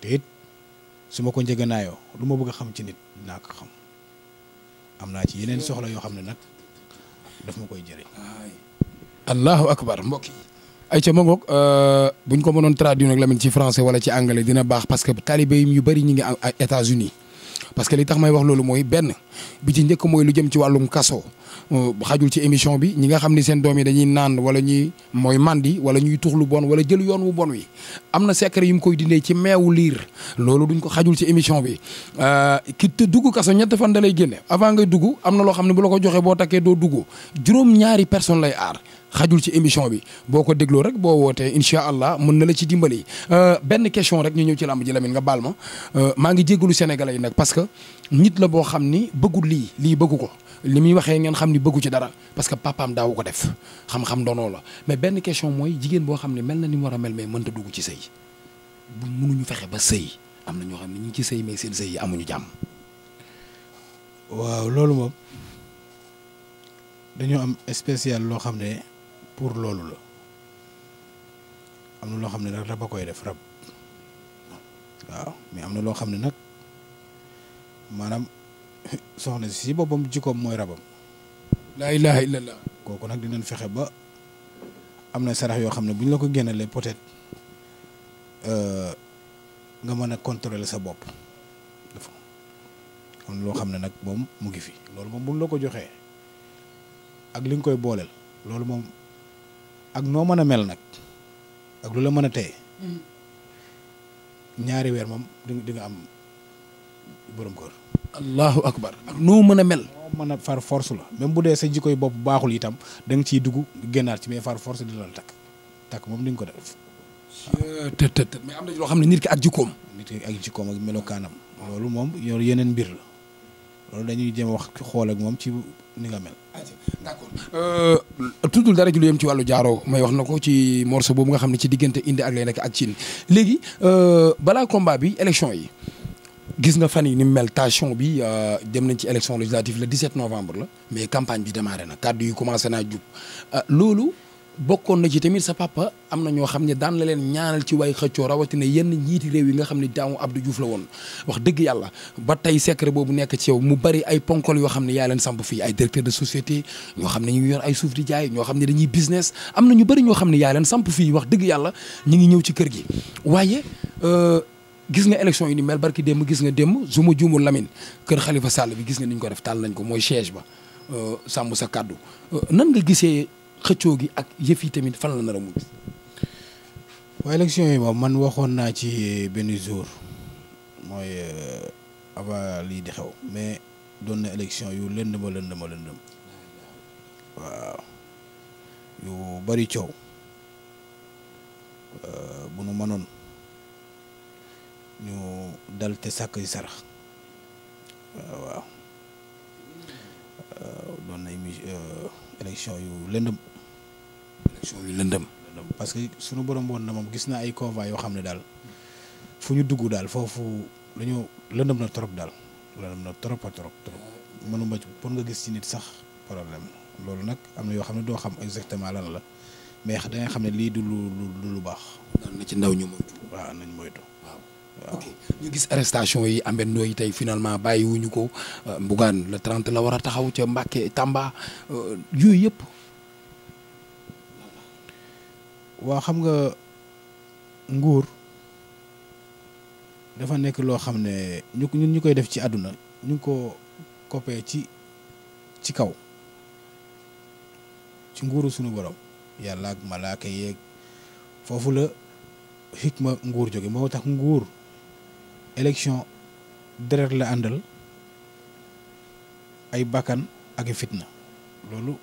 te it su ma ko njëganaayoo lu ma bëgg a xam ci nit dinaa ko xam am naa ci yeneen soxla yoo xam ne nag daf ma koy jëriñ. allahu akbar mbokk yi. ay ca ma ngoog euh, bu ñu ko mënoon traduire nag Lamine ci français wala ci anglais dina baax parce que talibé yu bëri ñu ngi ay États-Unis parce que li tax may wax loolu mooy benn bi ci njëkk mooy lu jëm ci wàllum kaso euh, xajul ci émission bi ñi nga xam ni seen doom yi dañuy naan wala ñuy mooy mandi wala ñuy tux lu bon wala jël yoon wu bon wi am na secret yum mu koy dindee ci meewu liir loolu duñ ko xajul ci émission bi euh, ki te dugg kaso ñett fan da lay génne avant ngay dugg am na loo xam ne bu la ko joxee boo takkee doo dugg juróom ñaari personne lay aar xajul ci émission bi boo ko dégloo rek boo wootee incha allah mën na la ci dimbali euh, benn question rek ñu ñëw ci làmb ji Lamine nga baal ma euh, maa ngi jéggalu sénégalais yi nag parce que nit la boo xam ni bëggul lii lii bëggu ko li muy waxee ngeen xam ni bëggu ci dara parce que papaam daawu ko def xam-xam doonoo la mais benn question mooy jigéen boo xam ne mel na ni mu war a mel mais mënta dugg ci sëy bu ñu fexe ba sëy am na ñoo xam ni ñu ngi ci sëy mais seen yi amuñu jàmm. loolu moom am spécial loo xam ne. pour loolu la am na loo xam ne nag rab koy def rab waaw mais am na loo xam ne nag maanaam soxna si boppam jikkoom mooy rabam. laa ilaha kooku nag dinañ fexe ba am na sarax yoo xam ne bu ñu la ko génnalee peut-être euh, nga mën a contrôler sa bopp dafa am na loo xam ne nag moom mu ngi fi loolu moom bu ñu la ko joxee ak li nga koy booleel loolu moom. ak noo mën a mel nag ak lu la mën a tey mm. ñaari weer moom di nga am borom kër. allahu akbar ak noo mën a mel. noo mën a far force la même bu dee sa jikkoy bopp baaxul itam da nga ciy dugg génnaat ci mais far force di loolu takk takk moom di ko def. tët tët mais am na loo xam ne nit ki ak jikkoom. nit ki ak jikkoom ak melokaanam. loolu moom yeneen mbir la. loolu dañuy jëm wax xool ak moom ci ni nga mel. d'accord euh, tuddul dara ci lu yem ci wàllu jaaroo may wax na ko ci morceau boobu nga xam ne ci diggante indi ak lay nekk ak Chine léegi euh, balaa combat bi élection yi gis nga fan yi ni mu mel tension bi euh, dem nañ ci élection législative le 17 novembre la mais campagne bi démarré na kàddu yi commencé naa jub loolu. bokkoon na ci tamit sa papa am na ñoo xam ne daan la leen ñaanal ci way xëccoo rawatina yenn njiiti réew yi nga xam ne daamu Abdou Diouf la woon wax dëgg yàlla ba tey secret boobu nekk ci yow mu bari ay ponkol yoo xam ne yaa leen samp fii ay directeur de société ñoo ne ñu ngi yor ay suuf di jaay ñoo xam ne dañuy business na ñu bari ñoo xam ne yaa leen samp fii wax dëgg yàlla ñu ngi ñëw ci kër gi waaye euh, gis nga élection yi ni mel barki démb gis nga démb su ma juumul Lamine kër Khalifa Sall bi gis nga ni ko def taal nañ ko mooy siège ba euh, sàmm sa kàddu euh, nan nga gisee xëccoo gi ak yëf yi tamit fan la nar a mujj. waaye élection yi moom man waxoon naa ci benn jour mooy euh, avant lii di xew mais doon na élection yu lëndëma lëndëma bari coow euh, bu nu mënoon ñu dal te sàkk ci euh, yu lëndëm. réaction yu lëndëm parce que suñu borom woon na moom gis naa ay convois yoo xam ne daal fu ñu dugg daal foofu lañu lëndëm na trop daal lëndëm na trop trop trop mënuma ci pour nga gis ci nit sax problème loolu nag am na yoo xam ne doo xam exactement lan la mais da xam ne lii du lu lu baax. daan na ci ndaw ñu moytu. waaw nañ moytu. waaw ñu gis arrestation yi ambendoo yi tey finalement bàyyiwuñu ko euh, Bougane la 30 la war a taxaw ca Mbàkke Tamba euh, yooyu yëpp. waaw xam nga nguur dafa nekk loo xam ne ñu ñun ñu koy def ci àdduna ñu ngi ko coppee ci ci kaw ci nguuru sunu borom yàlla ak malaaka foofu la xikma nguur jóge moo tax nguur élection deret la àndal ay bakkan ak fitna loolu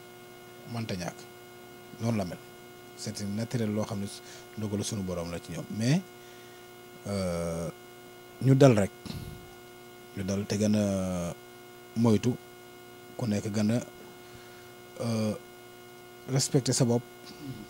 mënta ñàkk noonu la mel c'est naturel loo xam ne ndogalu sunu boroom la ci ñoom mais euh, ñu dal rek ñu dal te gën a moytu ku nekk gën a euh, respecter sa bopp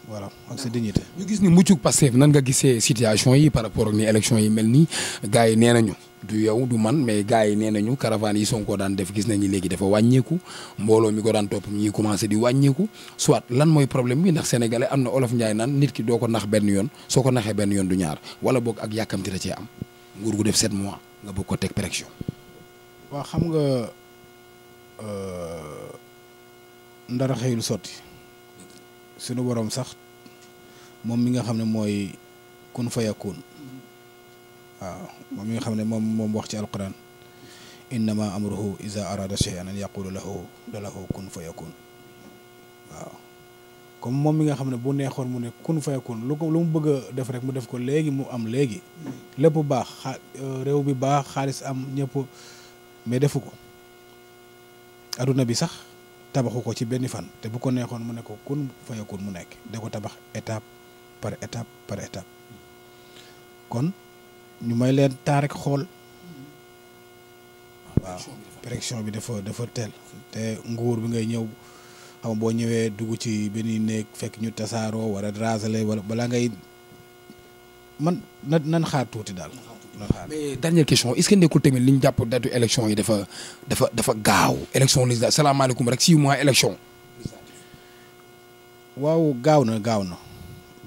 voilà ak sa dignité. ñu gis ni muccug Pastef nan nga gisee situation yi par rapport ak ni élection yi mel nii gars yi nee nañu du yow du man mais gars yi nee nañu caravane yi Sonko daan def gis nañu léegi dafa wàññeeku mbooloo mi ko daan topp ñi commencé di wàññeeku soit lan mooy problème bi ndax sénégalais am na olof Njaay naan nit ki doo ko nax benn yoon soo ko naxee benn yoon du ñaar wala boog ak yàkkamti da cee am nguur gu def 7 mois nga bëgg ko teg pression. xam nga euh, ndara xëyul sotti. suñu woroom sax moom mi nga xam ne mooy kun fayakun waaw moom mi nga xam ne moom moom wax ci alquran innama amruhu iza arada shay'an an yaqulu lahu lahu kun fayakun waaw comme moom mi nga xam ne bu neexoon mu ne kun fayakun lu ko lu mu bëgg def rek mu def ko léegi mu am léegi lépp baax xa réew bi baax xaalis am ñëpp mais defu ko adduna bi sax tabaxu ko ci benn fan te bu ko neexoon mu ne ko kun fayakun mu nekk da ko tabax étape par étape par étape kon ñu may leen taar rek xool waaw bi dafa dafa teel te nguur bi ngay ñëw xam boo ñëwee dugg ci benn néeg fekk ñu tasaaroo wala rasale wala balaa ngay man na nan xaar tuuti daal mais dernière question est-ce que nekkul tamit li ñu jàpp datu élection yi dafa dafa dafa gaaw élection législative salaamaaleykum rek six mois élection waaw gaaw na gaaw na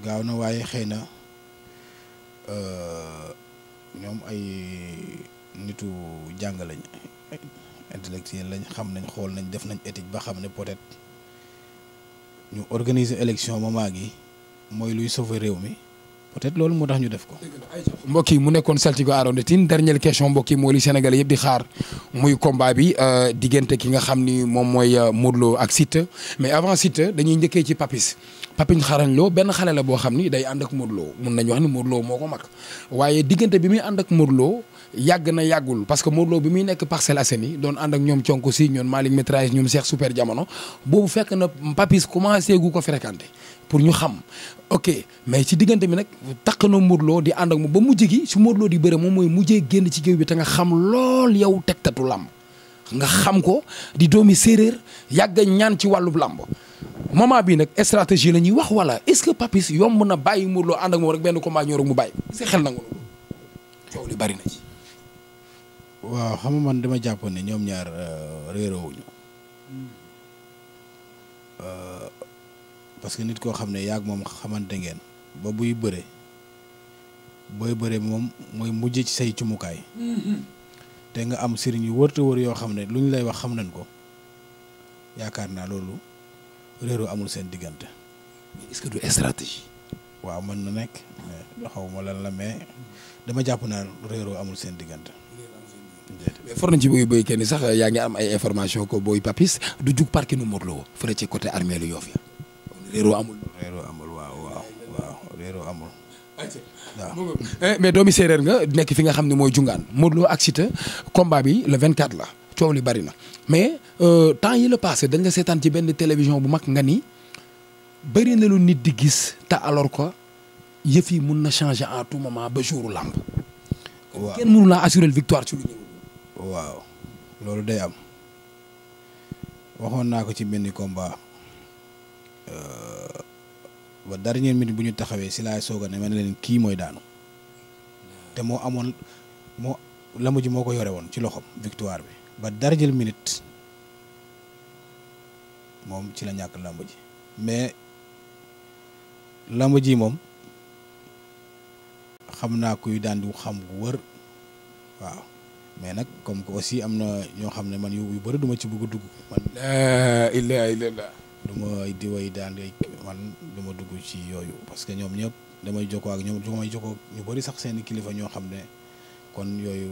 gaaw na waaye xëy na euh, ñoom ay nitu jàng lañ intellectuel lañ xam nañ xool nañ def nañ éthique ba xam ne peut-être ñu organiser élection moment gi mooy luy sauver réew mi peut-être loolu moo tax ñu def ko. mbokk yi mu nekkoon saltigo Arondetine dernière question mbokk yi moo li Sénégalais yëpp di xaar muy combat bi euh, diggante ki nga xam ni moom mooy euh, Modou Lo ak Siteu mais avant Siteu dañuy njëkkee ci Papis Papis xarañ Lo benn xale la boo xam ni day ànd ak Modou Lo mun nañu wax ni Modou moo ko mag waaye diggante bi muy ànd ak Modou Lo yàgg na yàggul parce que Modou Lo bi muy nekk Parcelles Assainies doon ànd ak ñoom conko si ñoom Malick Métrage ñoom Cheikh Super Jamono boobu fekk na Papis commencé gu ko fréquenté. pour ñu xam ok mais si diggante bi nag takk na Modou di ànd ak moom ba mujj gi su Modou Lo di bëre moom mooy mujjee génn ci géew bi te nga xam lool yow tegtatu làmb nga xam ko di doomi séeréer yàgg ñaan ci wàllu làmb moment bii nag stratégie la ñuy wax wala est-ce que Papis yomb na bàyyi Modou Lo ànd ak moom rek benn combat ñor mu bàyyi si xel nangu coow li bari na ci. waaw xam man dama jàpp ne ñoom ñaar euh, réeroowuñu euh, parce que nit koo xam ne yaag moom xamante ngeen ba buy bëre booy bëre moom mooy mujj ci say cumukaay mm-hmm. te nga am sëriñ yu wërta wër yoo xam ne lu ñu lay wax xam nañ ko yaakaar naa loolu réeru amul seen diggante est-ce que waaw mën na nekk xaw ma lan la mais dama jàpp naa réeroo amul seen diggante mais for nañ ci buy béy kenn sax yaa ngi am ay information ko booy papis du jug parki nu Modou Lo fële ci côté armée lu Yoff ya réeroo amul. réeroo amul waaw waaw waaw eh, mais doomi séeréer nga nekk fi nga xam ne mooy jungaan Modou Lo ak Siteu combat bi le 24 la coow li bari na mais euh, temps yi la passé dañ la seetaan ci benn télévision bu mag nga ni bëri na lu nit di gis te alors que yëf yi mun na changer en tout moment ba jour làmb waaw kenn mënu laa waaw loolu day am waxoon naa ko ci benn combat. Euh, ba dernière minute bu ñu taxawee si laay sooga ne ma leen kii mooy daanu te moo amoon moo lamb ji moo ko yore woon ci loxoom victoire bi ba jël minute moom ci la ñàkk làmb ji mais lamb ji moom xam naa kuy daan di xam gu wër waaw mais nag comme que aussi am na ñoo xam ne man yu bari duma ci bëgg dugg man. la ilaha illallah du ma di way daan man du ma dugg ci yooyu parce que ñoom ñëpp damay jokkoo ak ñoom damay jokkoo ñu bëri sax seen kilifa ñoo xam ne kon yooyu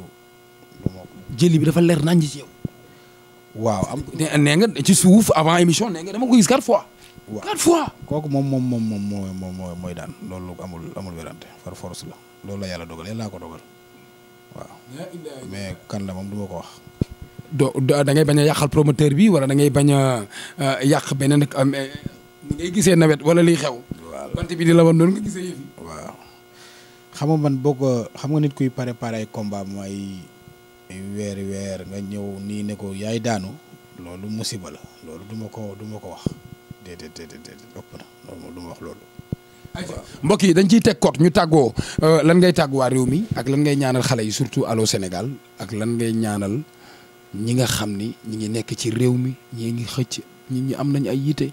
du jëli bi dafa leer nañ ci yow. waaw am nee nga ci suuf avant émission nee nga dama ko gis quatre fois. waaw quatre fois. kooku moom moom moom moom mooy mooy daan loolu amul amul werante par force la loolu la yàlla dogal yàlla laa ko dogal waaw. mais kan la moom du ko wax. do da ngay bañ a yàqal promoteur bi wala da ngay bañ a yàq beneen ak am ngay gisee nawet wala liy xew. waaw bant di la woon noonu nga gisee man boo xam nga nit kuy préparé ay combat mu ay weeri weer nga ñëw nii ne ko yaay daanu loolu musiba la loolu du ko duma ko wax déedéet wax loolu. mbokk yi dañ ciy teg kot ñu tàggoo euh, lan ngay tàggu waa réew mi ak lan ngay ñaanal xale yi surtout Allô Sénégal ak lan ngay ñaanal. ñi nga xam ni ñi ngi nekk ci réew mi ñi ngi xëcc ñi ñi am nañ ay yite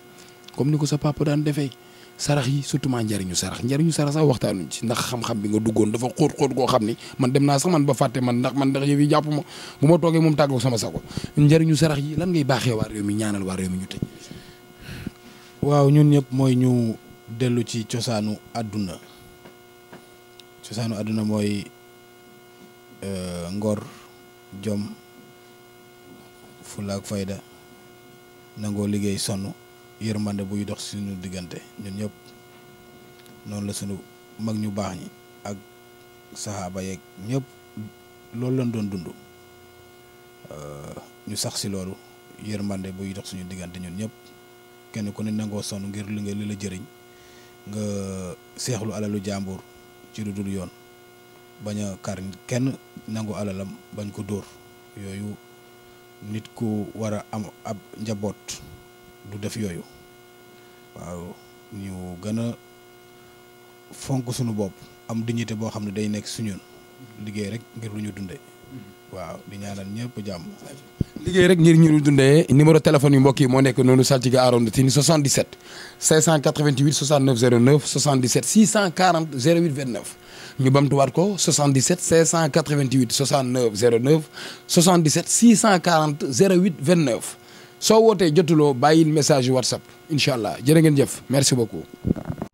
comme ni ko sa papa daan defee sarax yi surtout maa njariñu sarax njariñu sarax sax waxtaanuñ ci ndax xam bi nga duggoon dafa xóot xóot koo xam ni man dem naa sax man ba fàtte man ndax man ndax yëf yi ma bu ma toogee moom tàggoog sama sago njariñu sarax yi lan ngay baaxee waa réew mi ñaanal waa réew mi ñu tëj waaw ñun ñëpp mooy ñu dellu ci cosaanu àdduna cosaanu àdduna mooy euh, ngor jom fulla ak fayda nangoo liggéey sonn yërmande buy dox suñu diggante ñun ñëpp noonu la suñu mag ñu baax ñi ak saxaaba yeeg ñëpp loolu lañ doon dund ñu sax si loolu yërmande buy dox suñu diggante ñun ñëpp kenn ku ne nangoo sonn ngir li nga li la jëriñ nga seexlu alalu jàmbur ci lu dul yoon bañ a kar kenn nangu alalam bañ ko dóor yooyu nit ku war a am ab njaboot du def yooyu waaw ñu gën a fonk suñu bopp am dignité boo xam ne day nekk suñun liggéey rek ngir lu ñu dundee waaw di ñaanal ñëpp jàmm. liggéey rek ngir ñu dundee numéro téléphone yu mbokk moo nekk noonu saltige Arona Tine 77 588 69 09 77 640 08 29. ñu bamtuwaat ko 77 588 69 09 77 640 08 29 soo wootee jotuloo bàyyil message WhatsApp incha allah jërë ngeen jëf merci beaucoup.